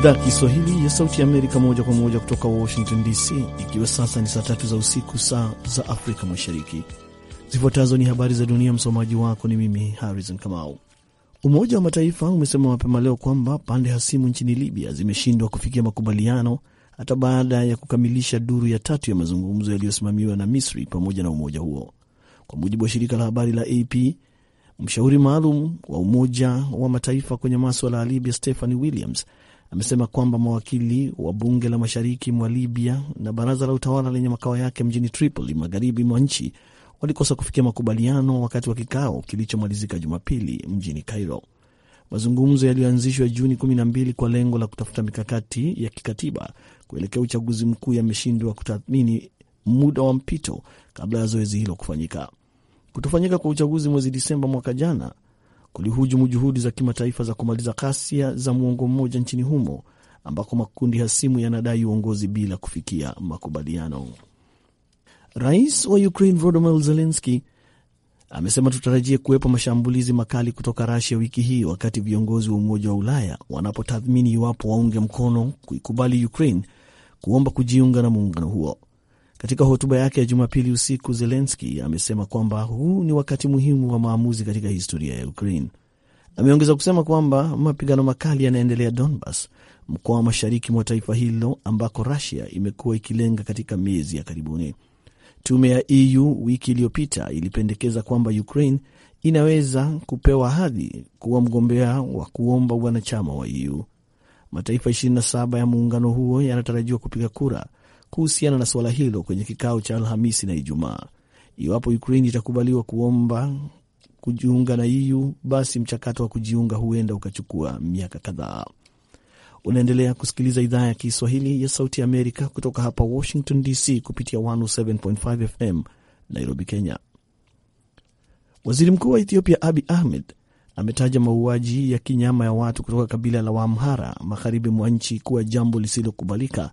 idhaa Kiswahili ya Sauti ya Amerika moja kwa moja kutoka Washington DC, ikiwa sasa ni saa tatu za usiku saa za Afrika Mashariki. Zifuatazo ni habari za dunia, msomaji wako ni mimi Harrison Kamau. Umoja wa Mataifa umesema mapema leo kwamba pande hasimu nchini Libya zimeshindwa kufikia makubaliano hata baada ya kukamilisha duru ya tatu ya mazungumzo yaliyosimamiwa na Misri pamoja na umoja huo, kwa mujibu wa shirika la habari la AP. Mshauri maalum wa Umoja wa Mataifa kwenye maswala ya Libya Stephanie Williams amesema kwamba mawakili wa bunge la mashariki mwa Libya na baraza la utawala lenye makao yake mjini Tripoli, magharibi mwa nchi, walikosa kufikia makubaliano wakati wa kikao kilichomalizika Jumapili mjini Cairo. Mazungumzo yaliyoanzishwa Juni 12 kwa lengo la kutafuta mikakati ya kikatiba kuelekea uchaguzi mkuu yameshindwa kutathmini muda wa mpito kabla ya zoezi hilo kufanyika. Kutofanyika kwa uchaguzi mwezi Disemba mwaka jana kulihujumu juhudi za kimataifa za kumaliza ghasia za muongo mmoja nchini humo ambako makundi hasimu yanadai uongozi bila kufikia makubaliano. Rais wa Ukraine Volodymyr Zelensky amesema tutarajie kuwepo mashambulizi makali kutoka Rasia wiki hii, wakati viongozi wa Umoja wa Ulaya wanapotathmini iwapo waunge mkono kuikubali Ukraine kuomba kujiunga na muungano huo. Katika hotuba yake ya Jumapili usiku, Zelenski amesema kwamba huu ni wakati muhimu wa maamuzi katika historia ya Ukraine. Ameongeza kusema kwamba mapigano makali yanaendelea Donbas, mkoa wa mashariki mwa taifa hilo ambako Rusia imekuwa ikilenga katika miezi ya karibuni. Tume ya EU wiki iliyopita ilipendekeza kwamba Ukraine inaweza kupewa hadhi kuwa mgombea wa kuomba wanachama wa EU. Mataifa 27 ya muungano huo yanatarajiwa kupiga kura kuhusiana na suala hilo kwenye kikao cha Alhamisi na Ijumaa. Iwapo Ukraine itakubaliwa kuomba kujiunga na EU, basi mchakato wa kujiunga huenda ukachukua miaka kadhaa. Unaendelea kusikiliza idhaa ya Kiswahili ya Sauti ya Amerika kutoka hapa Washington DC kupitia 107.5 FM Nairobi, Kenya. Waziri Mkuu wa Ethiopia Abi Ahmed ametaja mauaji ya kinyama ya watu kutoka kabila la wamhara magharibi mwa nchi kuwa jambo lisilokubalika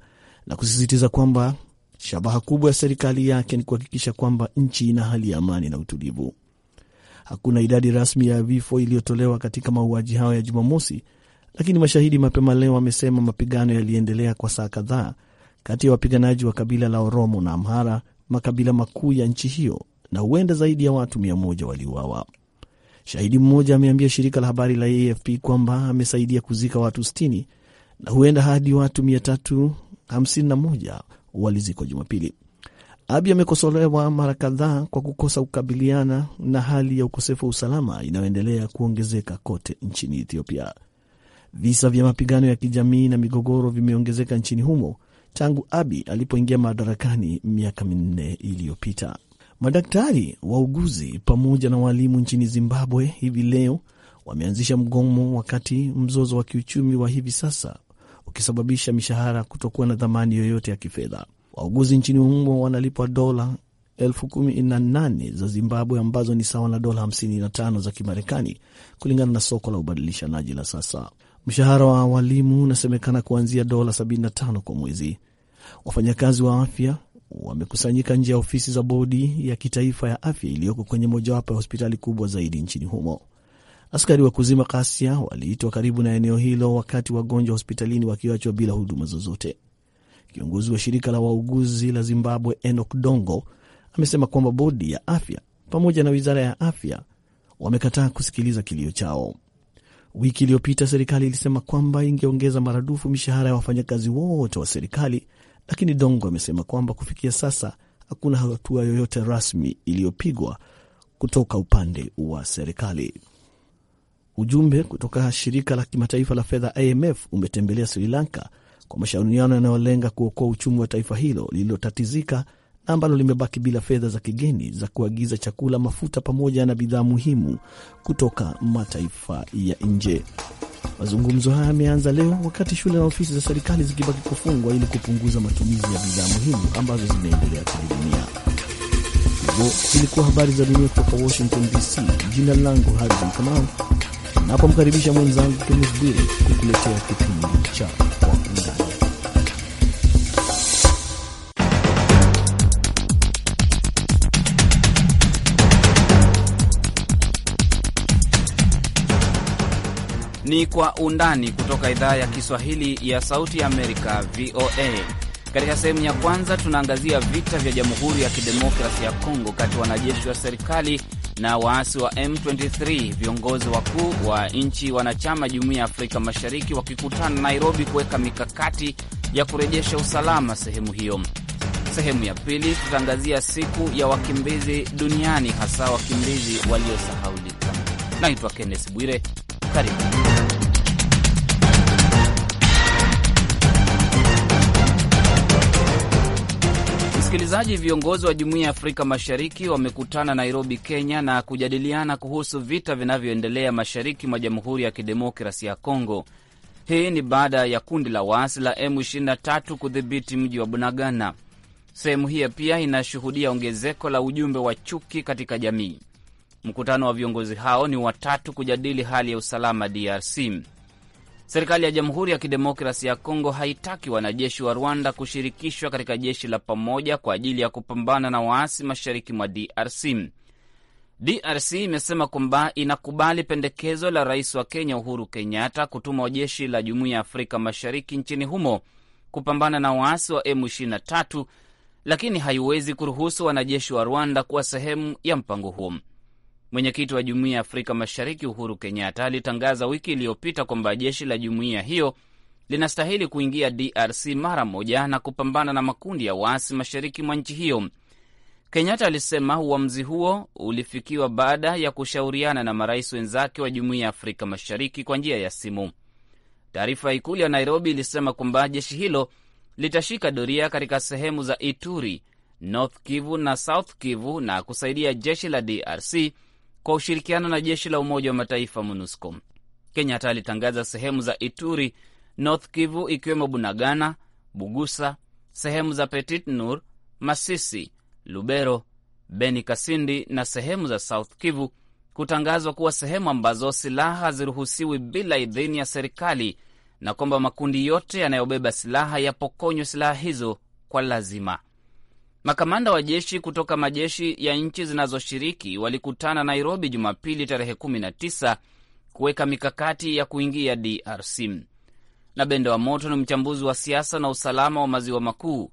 na kusisitiza kwamba shabaha kubwa ya serikali yake ni kuhakikisha kwamba nchi ina hali ya amani na utulivu. Hakuna idadi rasmi ya vifo iliyotolewa katika mauaji hayo ya Jumamosi, lakini mashahidi mapema leo wamesema mapigano yaliendelea kwa saa kadhaa kati ya wapiganaji wa kabila la Oromo na Amhara, makabila makuu ya nchi hiyo, na huenda zaidi ya watu mia moja waliuawa. Shahidi mmoja ameambia shirika la habari la AFP kwamba amesaidia kuzika watu sitini na huenda hadi watu mia tatu 51 walizikwa Jumapili. abi amekosolewa mara kadhaa kwa kukosa kukabiliana na hali ya ukosefu wa usalama inayoendelea kuongezeka kote nchini Ethiopia. Visa vya mapigano ya kijamii na migogoro vimeongezeka nchini humo tangu abi alipoingia madarakani miaka minne iliyopita. Madaktari, wauguzi pamoja na waalimu nchini Zimbabwe hivi leo wameanzisha mgomo, wakati mzozo wa kiuchumi wa hivi sasa ukisababisha mishahara kutokuwa na thamani yoyote ya kifedha. Wauguzi nchini humo wanalipwa dola elfu kumi na nane za Zimbabwe ambazo ni sawa na dola 55 za Kimarekani kulingana na soko la ubadilishanaji la sasa. Mshahara wa walimu unasemekana kuanzia dola 75 kwa mwezi. Wafanyakazi wa afya wamekusanyika nje ya ofisi za bodi ya kitaifa ya afya iliyoko kwenye mojawapo ya hospitali kubwa zaidi nchini humo. Askari wa kuzima ghasia waliitwa karibu na eneo hilo wakati wagonjwa hospitalini wakiachwa bila huduma zozote. Kiongozi wa shirika la wauguzi la Zimbabwe Enoch Dongo amesema kwamba bodi ya afya pamoja na wizara ya afya wamekataa kusikiliza kilio chao. Wiki iliyopita serikali ilisema kwamba ingeongeza maradufu mishahara ya wafanyakazi wote wa serikali, lakini Dongo amesema kwamba kufikia sasa hakuna hatua yoyote rasmi iliyopigwa kutoka upande wa serikali. Ujumbe kutoka shirika la kimataifa la fedha IMF umetembelea Sri Lanka kwa mashauriano yanayolenga kuokoa uchumi wa taifa hilo lililotatizika na ambalo limebaki bila fedha za kigeni za kuagiza chakula, mafuta pamoja na bidhaa muhimu kutoka mataifa ya nje. Mazungumzo haya yameanza leo wakati shule na ofisi za serikali zikibaki kufungwa ili kupunguza matumizi ya bidhaa muhimu ambazo zinaendelea kuhudumia. Hivyo zilikuwa habari za dunia kutoka Washington DC. Jina langu Harrison Kamau napomkaribisha mwenzangu Kennes Bwire kukuletea kipindi cha Kwa Undani. Ni Kwa Undani kutoka idhaa ya Kiswahili ya Sauti ya Amerika, VOA. Katika sehemu ya kwanza tunaangazia vita vya Jamhuri ya Kidemokrasi ya Kongo kati ya wanajeshi wa serikali na waasi wa M23, viongozi wakuu wa nchi wanachama Jumuiya ya Afrika Mashariki wakikutana Nairobi kuweka mikakati ya kurejesha usalama sehemu hiyo. Sehemu ya pili tutaangazia siku ya wakimbizi duniani, hasa wakimbizi waliosahaulika. Naitwa Kenneth Bwire, karibu. Msikilizaji, viongozi wa Jumuiya ya Afrika Mashariki wamekutana Nairobi, Kenya na kujadiliana kuhusu vita vinavyoendelea mashariki mwa Jamhuri ya Kidemokrasi ya Kongo. Hii ni baada ya kundi la waasi la M23 kudhibiti mji wa Bunagana. Sehemu hiyo pia inashuhudia ongezeko la ujumbe wa chuki katika jamii. Mkutano wa viongozi hao ni watatu kujadili hali ya usalama DRC. Serikali ya Jamhuri ya Kidemokrasi ya Kongo haitaki wanajeshi wa Rwanda kushirikishwa katika jeshi la pamoja kwa ajili ya kupambana na waasi mashariki mwa DRC. DRC imesema kwamba inakubali pendekezo la rais wa Kenya Uhuru Kenyatta kutuma jeshi la Jumuiya ya Afrika Mashariki nchini humo kupambana na waasi wa M23, lakini haiwezi kuruhusu wanajeshi wa Rwanda kuwa sehemu ya mpango huo. Mwenyekiti wa Jumuiya ya Afrika Mashariki Uhuru Kenyatta alitangaza wiki iliyopita kwamba jeshi la jumuiya hiyo linastahili kuingia DRC mara moja na kupambana na makundi ya waasi mashariki mwa nchi hiyo. Kenyatta alisema uamuzi huo ulifikiwa baada ya kushauriana na marais wenzake wa Jumuiya ya Afrika Mashariki kwa njia ya simu. Taarifa ya Ikulu ya Nairobi ilisema kwamba jeshi hilo litashika doria katika sehemu za Ituri, North Kivu na South Kivu na kusaidia jeshi la DRC kwa ushirikiano na jeshi la Umoja wa Mataifa MONUSCO. Kenyatta alitangaza sehemu za Ituri, North Kivu ikiwemo Bunagana, Bugusa, sehemu za Petit Nur, Masisi, Lubero, Beni Kasindi na sehemu za South Kivu kutangazwa kuwa sehemu ambazo silaha haziruhusiwi bila idhini ya serikali na kwamba makundi yote yanayobeba silaha yapokonywe silaha hizo kwa lazima. Makamanda wa jeshi kutoka majeshi ya nchi zinazoshiriki walikutana Nairobi Jumapili tarehe 19 kuweka mikakati ya kuingia DRC. Na bende wa Moto ni mchambuzi wa siasa na usalama wa maziwa makuu,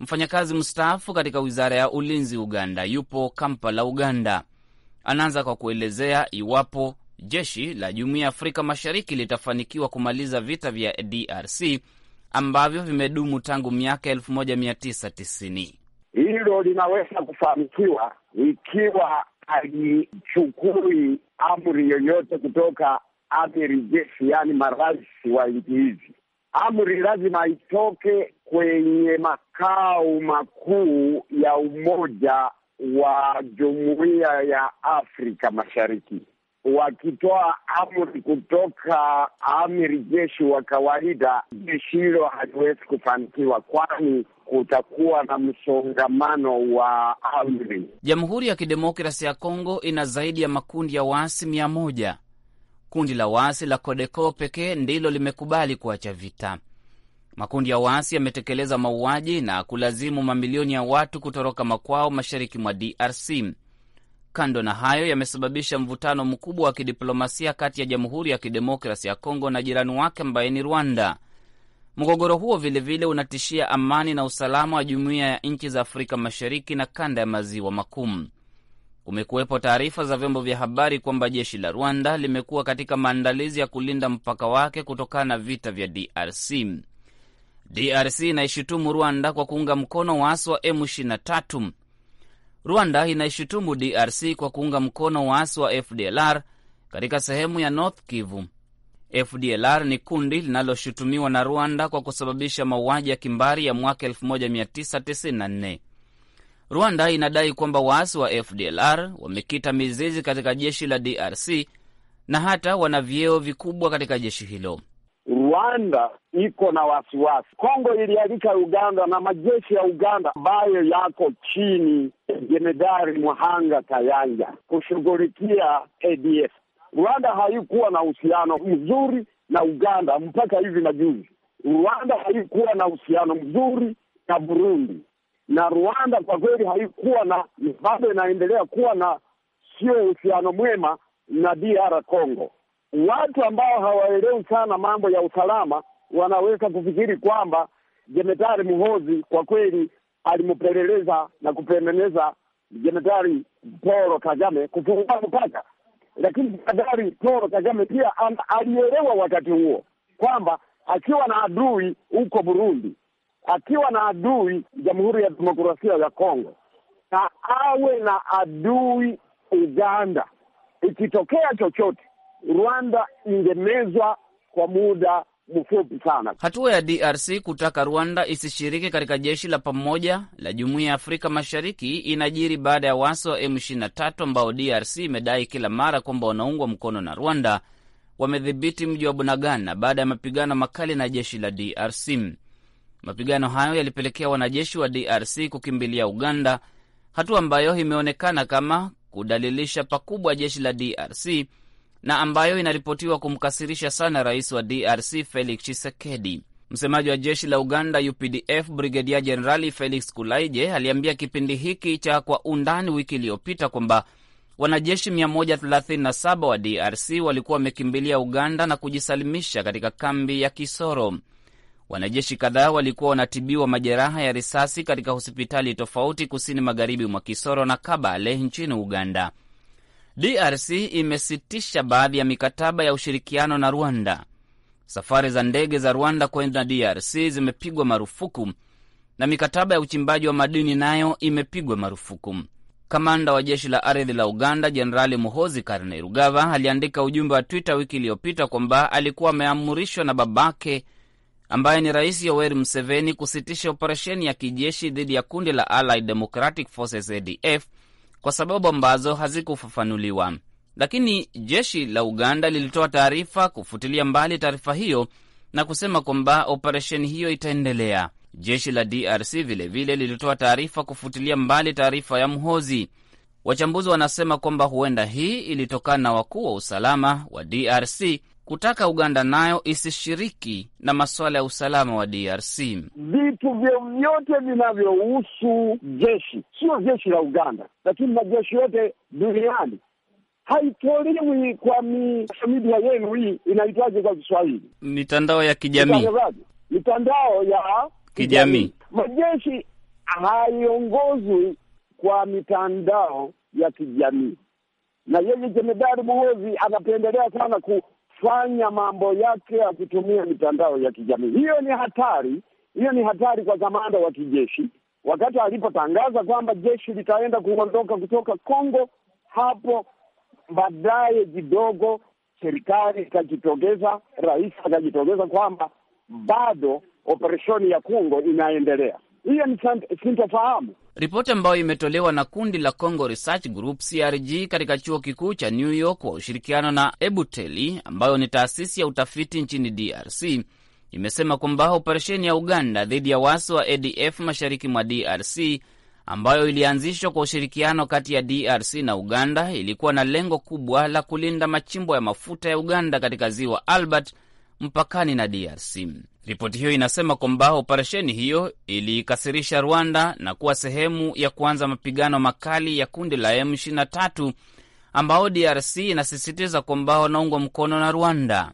mfanyakazi mstaafu katika wizara ya ulinzi Uganda, yupo Kampala, Uganda. Anaanza kwa kuelezea iwapo jeshi la Jumuiya ya Afrika Mashariki litafanikiwa kumaliza vita vya DRC ambavyo vimedumu tangu miaka 1990 hilo linaweza kufanikiwa ikiwa alichukui amri yoyote kutoka amiri jeshi, yaani marais wa nchi hizi. Amri lazima itoke kwenye makao makuu ya Umoja wa Jumuiya ya Afrika Mashariki. Wakitoa amri kutoka amiri jeshi wa kawaida, jeshi hilo haliwezi kufanikiwa, kwani kutakuwa na msongamano wa amri. Jamhuri ya Kidemokrasi ya Kongo ina zaidi ya makundi ya waasi mia moja. Kundi la waasi la Kodeko pekee ndilo limekubali kuacha vita. Makundi ya waasi yametekeleza mauaji na kulazimu mamilioni ya watu kutoroka makwao mashariki mwa DRC. Kando na hayo, yamesababisha mvutano mkubwa wa kidiplomasia kati ya Jamhuri ya Kidemokrasi ya Kongo na jirani wake ambaye ni Rwanda. Mgogoro huo vilevile vile unatishia amani na usalama wa jumuiya ya nchi za Afrika Mashariki na kanda ya maziwa makuu. Kumekuwepo taarifa za vyombo vya habari kwamba jeshi la Rwanda limekuwa katika maandalizi ya kulinda mpaka wake kutokana na vita vya DRC. DRC inaishutumu Rwanda kwa kuunga mkono waasi wa M23. Rwanda inaishutumu DRC kwa kuunga mkono waasi wa FDLR katika sehemu ya North Kivu FDLR ni kundi linaloshutumiwa na Rwanda kwa kusababisha mauaji ya kimbari ya mwaka 1994. Rwanda inadai kwamba waasi wa FDLR wamekita mizizi katika jeshi la DRC na hata wana vyeo vikubwa katika jeshi hilo. Rwanda iko na wasiwasi. Kongo ilialika Uganda na majeshi ya Uganda ambayo yako chini Jemedari Mwahanga Kayanja kushughulikia ADF. Rwanda haikuwa na uhusiano mzuri na Uganda mpaka hivi majuzi. Rwanda haikuwa na uhusiano mzuri na Burundi, na Rwanda kwa kweli haikuwa na, bado inaendelea kuwa na sio uhusiano mwema na DR Congo. Watu ambao hawaelewi sana mambo ya usalama wanaweza kufikiri kwamba Jemetari Muhozi kwa kweli alimpeleleza na kupeleleza Jemetari Paul Kagame kufungua mpaka lakini jemadari Toro Kagame pia alielewa wakati huo kwamba akiwa na adui huko Burundi, akiwa na adui Jamhuri ya Demokrasia ya Kongo, na awe na adui Uganda, ikitokea chochote Rwanda ingemezwa kwa muda mfupi sana. Hatua ya DRC kutaka Rwanda isishiriki katika jeshi la pamoja la Jumuiya ya Afrika Mashariki inajiri baada ya wasi wa M23 ambao DRC imedai kila mara kwamba wanaungwa mkono na Rwanda wamedhibiti mji wa Bunagana baada ya mapigano makali na jeshi la DRC. Mapigano hayo yalipelekea wanajeshi wa DRC kukimbilia Uganda, hatua ambayo imeonekana kama kudalilisha pakubwa jeshi la DRC na ambayo inaripotiwa kumkasirisha sana rais wa DRC Felix Tshisekedi. Msemaji wa jeshi la Uganda UPDF Brigedia Jenerali Felix Kulaije aliambia kipindi hiki cha Kwa Undani wiki iliyopita kwamba wanajeshi 137 wa DRC walikuwa wamekimbilia Uganda na kujisalimisha katika kambi ya Kisoro. Wanajeshi kadhaa walikuwa wanatibiwa majeraha ya risasi katika hospitali tofauti kusini magharibi mwa Kisoro na Kabale nchini Uganda. DRC imesitisha baadhi ya mikataba ya ushirikiano na Rwanda. Safari za ndege za Rwanda kwenda DRC zimepigwa marufuku na mikataba ya uchimbaji wa madini nayo imepigwa marufuku. Kamanda wa jeshi la ardhi la Uganda Jenerali Muhozi Kainerugaba aliandika ujumbe wa Twitter wiki iliyopita kwamba alikuwa ameamrishwa na babake ambaye ni Rais Yoweri Museveni kusitisha operesheni ya kijeshi dhidi ya kundi la Allied Democratic Forces ADF kwa sababu ambazo hazikufafanuliwa. Lakini jeshi la Uganda lilitoa taarifa kufutilia mbali taarifa hiyo na kusema kwamba operesheni hiyo itaendelea. Jeshi la DRC vilevile lilitoa taarifa kufutilia mbali taarifa ya Mhozi. Wachambuzi wanasema kwamba huenda hii ilitokana na wakuu wa usalama wa DRC kutaka Uganda nayo isishiriki na masuala ya usalama wa DRC. Vitu vyovyote vinavyohusu jeshi, sio jeshi la Uganda, lakini majeshi yote duniani haitolewi kwa midia yenu. Hii inaitwaje kwa Kiswahili? Mitandao ya kijamii, mitandao ya kijamii. Majeshi haiongozwi kwa mitandao ya kijamii na yeye jemedari Muhoozi anapendelea sana ku, kufanya mambo yake akitumia mitandao ya kijamii. Hiyo ni hatari, hiyo ni hatari kwa kamanda wa kijeshi. Wakati alipotangaza kwamba jeshi litaenda kuondoka kutoka Kongo, hapo baadaye kidogo serikali ikajitokeza, rais akajitokeza kwamba bado operesheni ya Kongo inaendelea. Hiyo ni sintofahamu. Ripoti ambayo imetolewa na kundi la Congo Research Group CRG katika chuo kikuu cha New York kwa ushirikiano na Ebuteli ambayo ni taasisi ya utafiti nchini DRC imesema kwamba operesheni ya Uganda dhidi ya waasi wa ADF mashariki mwa DRC ambayo ilianzishwa kwa ushirikiano kati ya DRC na Uganda ilikuwa na lengo kubwa la kulinda machimbo ya mafuta ya Uganda katika ziwa Albert mpakani na DRC. Ripoti hiyo inasema kwamba operesheni hiyo iliikasirisha Rwanda na kuwa sehemu ya kuanza mapigano makali ya kundi la M23 ambao DRC inasisitiza kwamba wanaungwa mkono na Rwanda.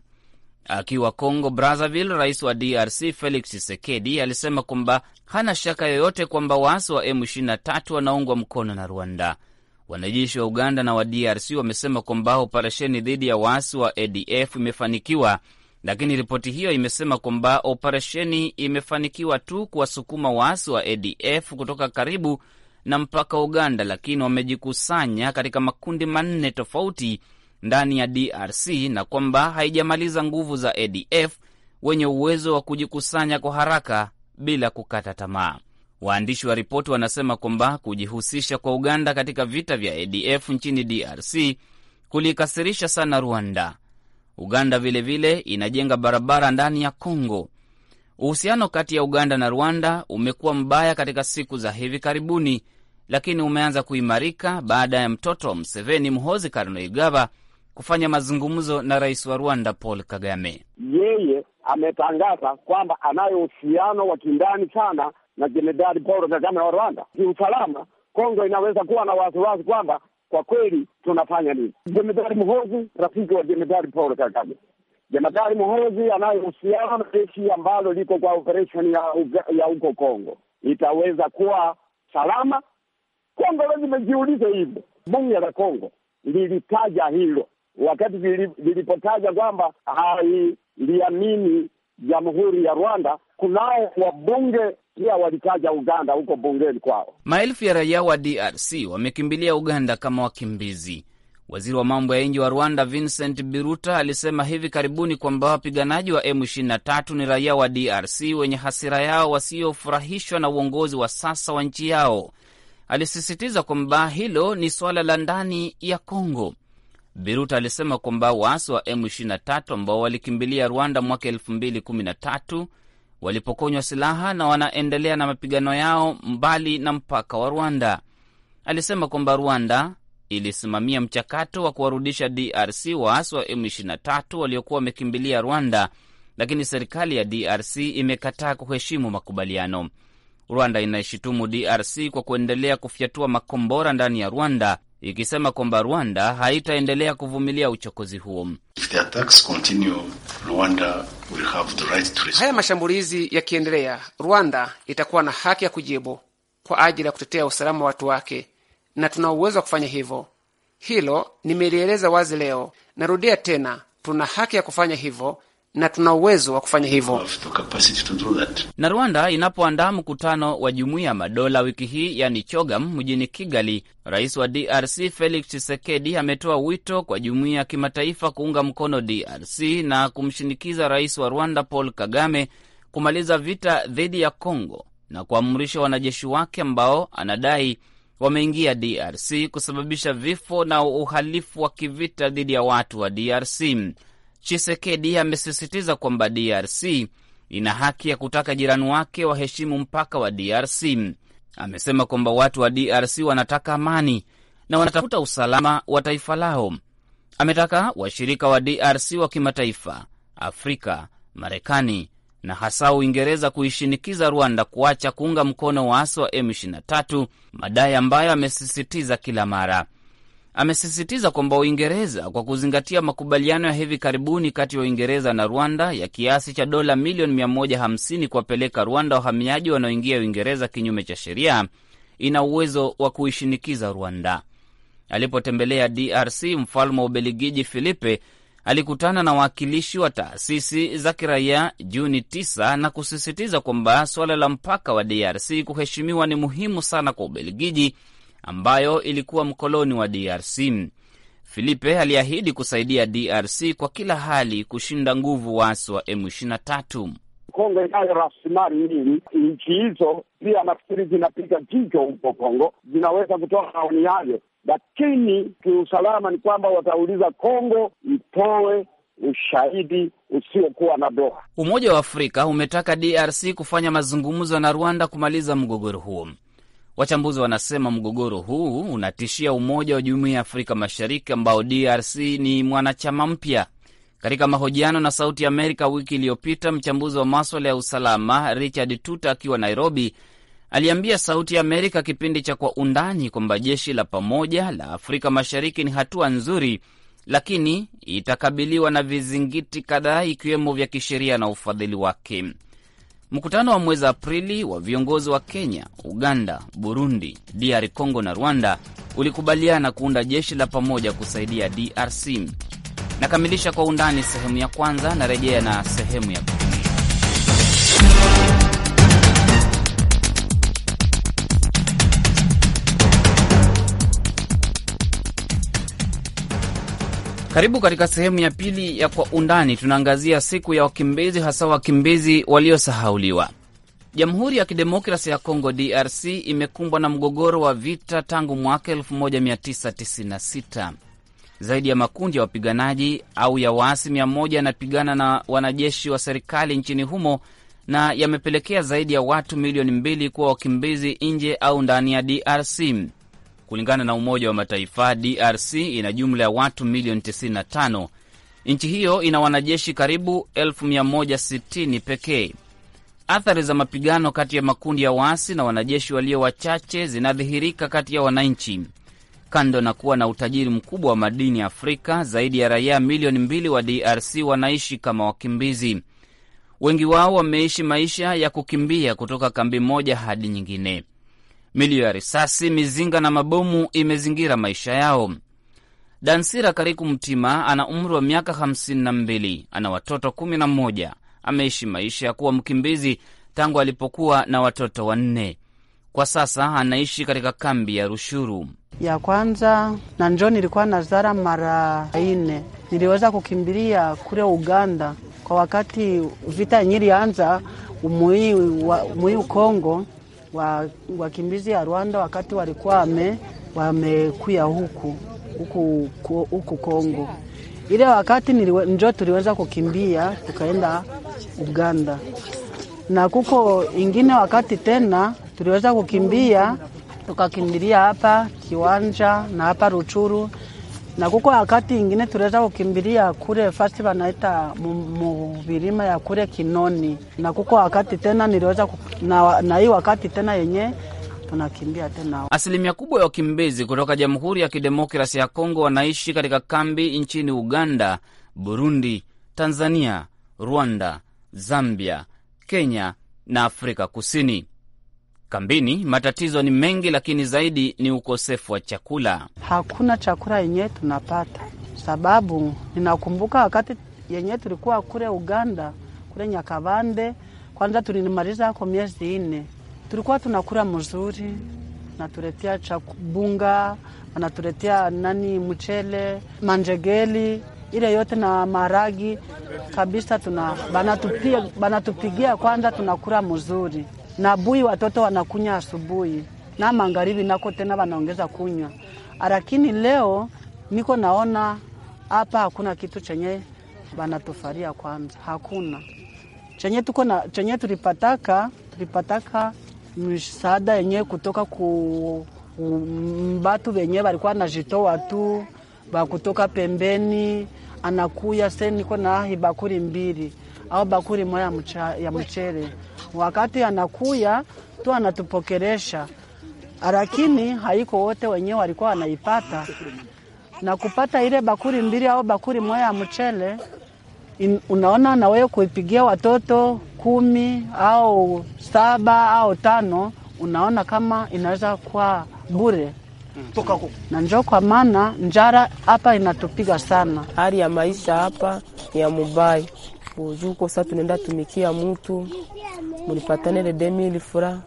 Akiwa Congo Brazzaville, rais wa DRC Felix Tshisekedi alisema kwamba hana shaka yoyote kwamba waasi wa M23 wanaungwa mkono na Rwanda. Wanajeshi wa Uganda na wa DRC wamesema kwamba operesheni dhidi ya waasi wa ADF imefanikiwa lakini ripoti hiyo imesema kwamba operesheni imefanikiwa tu kuwasukuma waasi wa ADF kutoka karibu na mpaka Uganda, lakini wamejikusanya katika makundi manne tofauti ndani ya DRC na kwamba haijamaliza nguvu za ADF wenye uwezo wa kujikusanya kwa haraka bila kukata tamaa. Waandishi wa ripoti wanasema kwamba kujihusisha kwa Uganda katika vita vya ADF nchini DRC kulikasirisha sana Rwanda. Uganda vilevile vile inajenga barabara ndani ya Kongo. Uhusiano kati ya Uganda na Rwanda umekuwa mbaya katika siku za hivi karibuni, lakini umeanza kuimarika baada ya mtoto wa Mseveni, mhozi Kainerugaba, kufanya mazungumzo na rais wa Rwanda Paul Kagame. Yeye ametangaza kwamba anayo uhusiano wa kindani sana na jenerali Paul Kagame wa Rwanda. Kiusalama, Kongo inaweza kuwa na wasiwasi kwamba kwa kweli tunafanya nini? Jemedari Muhozi, rafiki wa Jemedari Paul Kagame, Jemedari Muhozi anayehusiana na jeshi ambalo liko kwa operesheni ya huko Kongo itaweza kuwa salama? Kongo Lo, limejiuliza hivyo. Bunge la Kongo lilitaja hilo wakati lilipotaja kwamba hailiamini jamhuri ya Rwanda. Kunao wabunge pia walitaja Uganda huko bungeni kwao. Maelfu ya raia wa DRC wamekimbilia Uganda kama wakimbizi. Waziri wa mambo ya nje wa Rwanda Vincent Biruta alisema hivi karibuni kwamba wapiganaji wa M23 ni raia wa DRC wenye hasira yao wasiofurahishwa na uongozi wa sasa wa nchi yao. Alisisitiza kwamba hilo ni suala la ndani ya Kongo. Biruta alisema kwamba waasi wa M23 ambao walikimbilia Rwanda mwaka walipokonywa silaha na wanaendelea na mapigano yao mbali na mpaka wa Rwanda. Alisema kwamba Rwanda ilisimamia mchakato wa kuwarudisha DRC waasi wa M23 waliokuwa wamekimbilia Rwanda, lakini serikali ya DRC imekataa kuheshimu makubaliano. Rwanda inaishitumu DRC kwa kuendelea kufyatua makombora ndani ya Rwanda ikisema kwamba Rwanda haitaendelea kuvumilia uchokozi huo. haya mashambulizi yakiendelea, Rwanda itakuwa na haki ya kujibu kwa ajili ya kutetea usalama wa watu wake, na tuna uwezo wa kufanya hivyo. Hilo nimelieleza wazi leo, narudia tena, tuna haki ya kufanya hivyo na tuna uwezo wa kufanya hivyo. Na Rwanda inapoandaa mkutano wa Jumuiya ya Madola wiki hii, yani CHOGAM, mjini Kigali, rais wa DRC Felix Tshisekedi ametoa wito kwa jumuiya ya kimataifa kuunga mkono DRC na kumshinikiza rais wa Rwanda Paul Kagame kumaliza vita dhidi ya congo na kuamrisha wanajeshi wake ambao anadai wameingia DRC kusababisha vifo na uhalifu wa kivita dhidi ya watu wa DRC. Chisekedi amesisitiza kwamba DRC ina haki ya kutaka jirani wake waheshimu mpaka wa DRC. Amesema kwamba watu wa DRC wanataka amani na wanatafuta usalama wa taifa lao. Ametaka washirika wa DRC wa kimataifa, Afrika, Marekani na hasa Uingereza kuishinikiza Rwanda kuacha kuunga mkono waasi wa M23, madai ambayo amesisitiza kila mara amesisitiza kwamba Uingereza, kwa kuzingatia makubaliano ya hivi karibuni kati ya Uingereza na Rwanda ya kiasi cha dola milioni 150 kuwapeleka Rwanda wahamiaji wanaoingia Uingereza kinyume cha sheria, ina uwezo wa kuishinikiza Rwanda. Alipotembelea DRC, mfalme wa Ubeligiji Filipe alikutana na wawakilishi wa taasisi za kiraia Juni 9 na kusisitiza kwamba suala la mpaka wa DRC kuheshimiwa ni muhimu sana kwa Ubeligiji ambayo ilikuwa mkoloni wa DRC. Filipe aliahidi kusaidia DRC kwa kila hali kushinda nguvu waasi wa M23. Kongo inayo rasilimali nyingi. Nchi hizo pia nafikiri zinapiga jicho huko Kongo, zinaweza kutoa maoni yayo, lakini kiusalama ni kwamba watauliza Kongo itoe ushahidi usiokuwa na doha Umoja wa Afrika umetaka DRC kufanya mazungumzo na Rwanda kumaliza mgogoro huo. Wachambuzi wanasema mgogoro huu unatishia umoja wa jumuiya ya Afrika Mashariki ambao DRC ni mwanachama mpya. Katika mahojiano na Sauti Amerika wiki iliyopita, mchambuzi wa maswala ya usalama Richard Tuta akiwa Nairobi aliambia Sauti Amerika kipindi cha Kwa Undani kwamba jeshi la pamoja la Afrika Mashariki ni hatua nzuri, lakini itakabiliwa na vizingiti kadhaa, ikiwemo vya kisheria na ufadhili wake. Mkutano wa mwezi Aprili wa viongozi wa Kenya, Uganda, Burundi, DR Congo na Rwanda ulikubaliana kuunda jeshi la pamoja kusaidia DRC. Nakamilisha kwa undani sehemu ya kwanza na rejea na sehemu ya pili. Karibu katika sehemu ya pili ya Kwa Undani. Tunaangazia siku ya wakimbizi, hasa wakimbizi waliosahauliwa. Jamhuri ya Kidemokrasi ya Kongo, DRC, imekumbwa na mgogoro wa vita tangu mwaka 1996. Zaidi ya makundi ya wapiganaji au ya waasi 1 yanapigana na wanajeshi wa serikali nchini humo na yamepelekea zaidi ya watu milioni mbili kuwa wakimbizi nje au ndani ya DRC. Kulingana na Umoja wa Mataifa, DRC ina jumla ya watu milioni 95. Nchi hiyo ina wanajeshi karibu 160 pekee. Athari za mapigano kati ya makundi ya waasi na wanajeshi walio wachache zinadhihirika kati ya wananchi. Kando na kuwa na utajiri mkubwa wa madini Afrika, zaidi ya raia milioni mbili wa DRC wanaishi kama wakimbizi. Wengi wao wameishi maisha ya kukimbia kutoka kambi moja hadi nyingine. Milio ya risasi, mizinga na mabomu imezingira maisha yao. Dansira Kariku Mtima ana umri wa miaka 52, ana watoto 11. Ameishi maisha ya kuwa mkimbizi tangu alipokuwa na watoto wanne. Kwa sasa anaishi katika kambi ya Rushuru. Ya kwanza na njo nilikuwa nazara mara ine niliweza kukimbilia kule Uganda kwa wakati vita nyilianza umui, umui wa, wakimbizi ya Rwanda wakati walikuwa wame, wamekuya huku huku, huku Kongo. Ile wakati njo tuliweza kukimbia tukaenda Uganda, na kuko ingine wakati tena tuliweza kukimbia tukakimbilia hapa Kiwanja na hapa Ruchuru na kuko wakati ingine tuleta kukimbilia kule fasi wanaita mubirima ya kule Kinoni, na kuko wakati tena niliweza na, na hii wakati tena yenye tunakimbia tena. Asilimia kubwa ya wakimbizi kutoka Jamhuri ya Kidemokrasi ya Kongo wanaishi katika kambi nchini Uganda, Burundi, Tanzania, Rwanda, Zambia, Kenya na Afrika Kusini. Kambini matatizo ni mengi, lakini zaidi ni ukosefu wa chakula. Hakuna chakula yenyewe tunapata, sababu ninakumbuka wakati yenyewe tulikuwa kule Uganda, kule Nyakabande, kwanza tulimaliza ako miezi nne, tulikuwa tunakula mzuri, natuletea chakubunga, anatuletea nani, mchele, manjegeli ile yote na maragi kabisa, tuna banatupigia kwanza, tunakula mzuri na bui watoto wanakunywa asubuhi na magharibi, nako tena wanaongeza kunywa. Lakini leo niko naona hapa hakuna kitu chenye wanatufaria kwanza, hakuna chenye tuko na chenye tulipataka, tulipataka msaada yenye kutoka ku mbatu wenye walikuwa najitoa tu ba kutoka pembeni, anakuya sasa, niko na bakuri mbili au bakuri moja ya mchere wakati anakuya tu anatupokeresha, lakini haiko wote wenyewe walikuwa wanaipata na kupata ile bakuri mbili au bakuri moja ya mchele in, unaona na wewe kuipigia watoto kumi au saba au tano, unaona kama inaweza kuwa bure na njoo, kwa maana njara hapa inatupiga sana. Hali ya maisha hapa ni ya mubai, kujuko sasa tunaenda tumikia mutu mulipatane le demili fura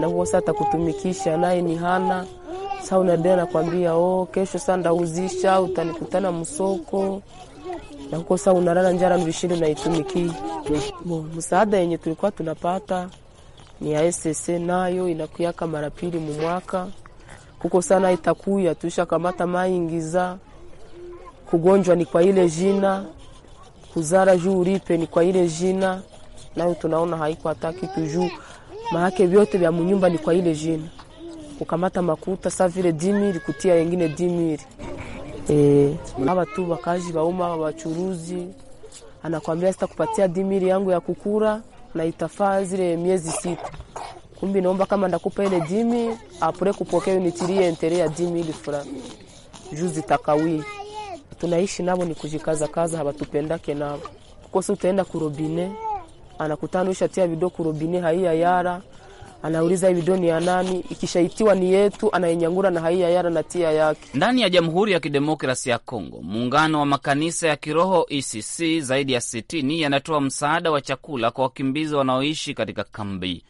na huo sasa takutumikisha naye ni hana sa unadea nakwambia, oh, kesho sasa ndauzisha utanikutana msoko na huko sasa unalala njara na nivishindi bo Msaada yenye tulikuwa tunapata ni ya SSC nayo inakuyaka mara pili mumwaka huko sana itakuya tushakamata maingiza kugonjwa ni kwa ile jina kuzara juu ulipe ni kwa ile jina, nayo tunaona haiko hata kitu juu maake vyote vya munyumba ni kwa ile jina. Kukamata makuta sa vile dimiri kutia yengine dimiri e, aba tu wakaji bauma wachuruzi anakwambia sitakupatia dimiri yangu ya kukura na itafaa zile miezi sita. Kumbi naomba kama ndakupa ile dimi apure kupokea unitirie entere ya dimiri fulani juu zitakawii tunaishi nabo ni kujikaza kaza, habatupendake nabo kose. Utaenda kurobine, anakutana ishatia vido kurobine, haiya yara anauliza hii ni ya nani? Ikishaitiwa ni yetu, anayenyangura na haiya yara na tia yake. Ndani ya Jamhuri ya Kidemokrasi ya Kongo, muungano wa makanisa ya kiroho ECC zaidi ya 60 yanatoa msaada wa chakula kwa wakimbizi wanaoishi katika kambi.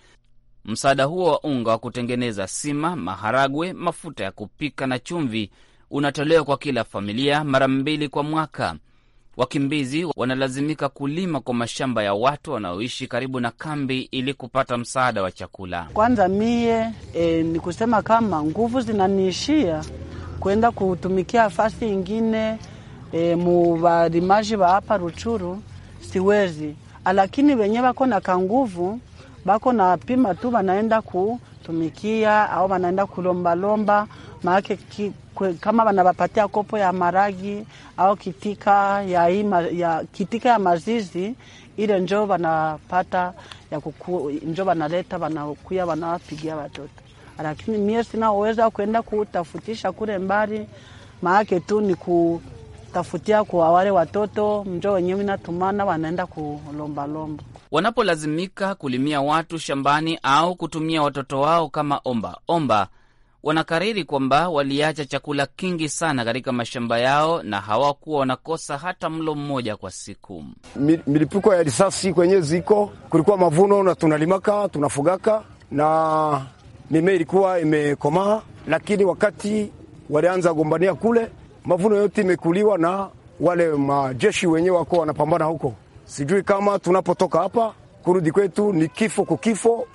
Msaada huo wa unga wa kutengeneza sima, maharagwe, mafuta ya kupika na chumvi unatolewa kwa kila familia mara mbili kwa mwaka. Wakimbizi wanalazimika kulima kwa mashamba ya watu wanaoishi karibu na kambi ili kupata msaada wa chakula. Kwanza mie e, ni kusema kama nguvu zinaniishia kwenda kutumikia fasi ingine e, muvalimaji wa hapa Ruchuru siwezi, lakini wenye wako na kanguvu bako na pima tu, wanaenda kutumikia au wanaenda kulombalomba maake kama wanawapatia kopo ya maragi au kitika ya, ima, ya, kitika ya mazizi ile njo wanapata ya kuku, njo wanaleta wanakuya wanawapigia watoto, lakini mie sinaweza kuenda kutafutisha kule mbali, maake tu ni kutafutia kwa wale watoto mjo wenyewe inatumana wanaenda kulombalomba wanapolazimika kulimia watu shambani au kutumia watoto wao kama omba omba wanakariri kwamba waliacha chakula kingi sana katika mashamba yao na hawakuwa wanakosa hata mlo mmoja kwa siku. Milipuko ya risasi kwenye ziko, kulikuwa mavuno na tunalimaka, tunafugaka na mimea ilikuwa imekomaa, lakini wakati walianza gombania kule, mavuno yote imekuliwa na wale majeshi wenyewe wako wanapambana huko. Sijui kama tunapotoka hapa kurudi kwetu ni kifo kukifo,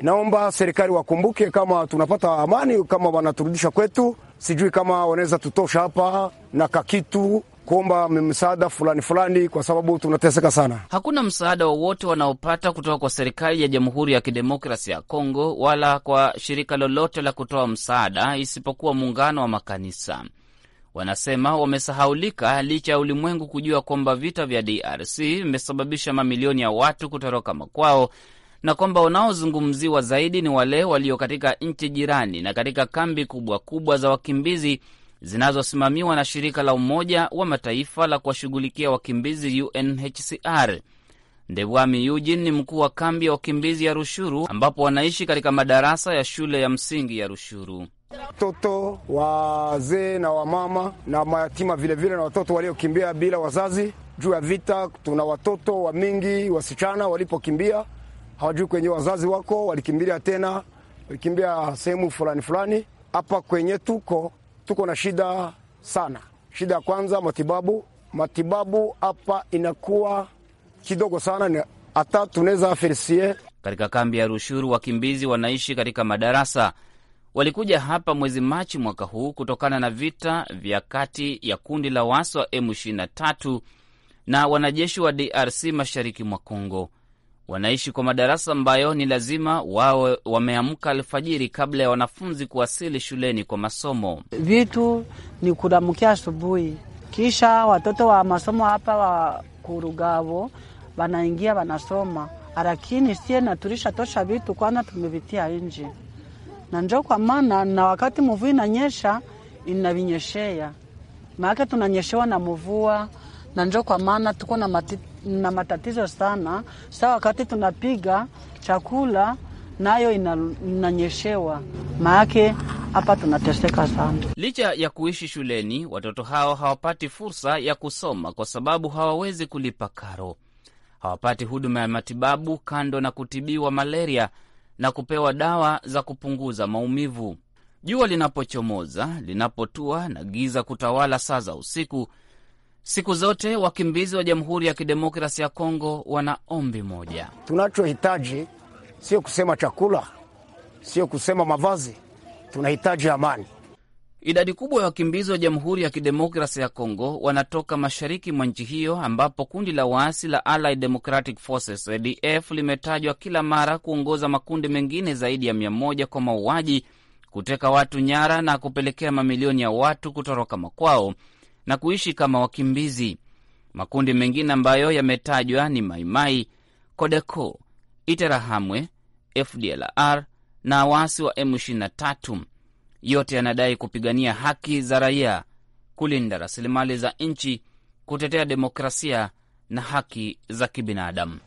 Naomba serikali wakumbuke, kama tunapata amani, kama wanaturudisha kwetu, sijui kama wanaweza tutosha hapa na kakitu kuomba msaada fulani fulani, kwa sababu tunateseka sana. Hakuna msaada wowote wanaopata kutoka kwa serikali ya Jamhuri ya Kidemokrasi ya Kongo wala kwa shirika lolote la kutoa msaada isipokuwa muungano wa makanisa. Wanasema wamesahaulika licha ya ulimwengu kujua kwamba vita vya DRC vimesababisha mamilioni ya watu kutoroka makwao na kwamba wanaozungumziwa zaidi ni wale walio katika nchi jirani na katika kambi kubwa kubwa za wakimbizi zinazosimamiwa na shirika la Umoja wa Mataifa la kuwashughulikia wakimbizi UNHCR. Ndewami Eugene ni mkuu wa kambi ya wakimbizi ya Rushuru ambapo wanaishi katika madarasa ya shule ya msingi ya Rushuru. Watoto wazee na wamama na mayatima vilevile vile, na watoto waliokimbia bila wazazi juu ya vita. Tuna watoto wamingi wasichana walipokimbia hawajui kwenye wazazi wako walikimbilia tena, walikimbia sehemu fulani fulani. Hapa kwenye tuko tuko na shida sana. Shida ya kwanza matibabu, matibabu hapa inakuwa kidogo sana, ni hata tunaweza afirisie. Katika kambi ya Rushuru wakimbizi wanaishi katika madarasa. Walikuja hapa mwezi Machi mwaka huu kutokana na vita vya kati ya kundi la waasi wa M23 na wanajeshi wa DRC mashariki mwa Kongo wanaishi kwa madarasa ambayo ni lazima wawe wameamka alfajiri kabla ya wanafunzi kuwasili shuleni kwa masomo. Vitu ni kuramkia asubuhi, kisha watoto wa masomo hapa wa kurugavo wanaingia wanasoma, lakini sie naturisha tosha vitu kwana tumevitia nje na njo kwa maana na wakati mvua inanyesha inavinyeshea maake tunanyeshewa na mvua na njo kwa maana tuko na matiti na matatizo sana, saa wakati tunapiga chakula nayo inanyeshewa, maake hapa tunateseka sana. Licha ya kuishi shuleni, watoto hao hawapati fursa ya kusoma kwa sababu hawawezi kulipa karo. Hawapati huduma ya matibabu kando na kutibiwa malaria na kupewa dawa za kupunguza maumivu. Jua linapochomoza, linapotua na giza kutawala saa za usiku, Siku zote wakimbizi wa Jamhuri ya Kidemokrasi ya Kongo wana ombi moja. Tunachohitaji sio kusema chakula, sio kusema mavazi, tunahitaji amani. Idadi kubwa ya wakimbizi wa Jamhuri ya Kidemokrasi ya Kongo wanatoka mashariki mwa nchi hiyo ambapo kundi la waasi la Allied Democratic Forces ADF limetajwa kila mara kuongoza makundi mengine zaidi ya mia moja kwa mauaji, kuteka watu nyara na kupelekea mamilioni ya watu kutoroka makwao na kuishi kama wakimbizi. Makundi mengine ambayo yametajwa ni Maimai, Codeco, Interahamwe, FDLR na waasi wa M23. Yote yanadai kupigania haki za raia, kulinda rasilimali za nchi, kutetea demokrasia na haki za kibinadamu.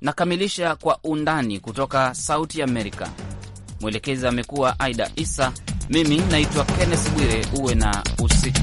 Nakamilisha kwa undani kutoka Sauti Amerika. Mwelekezi amekuwa Aida Isa, mimi naitwa Kenneth Bwire. Uwe na usiku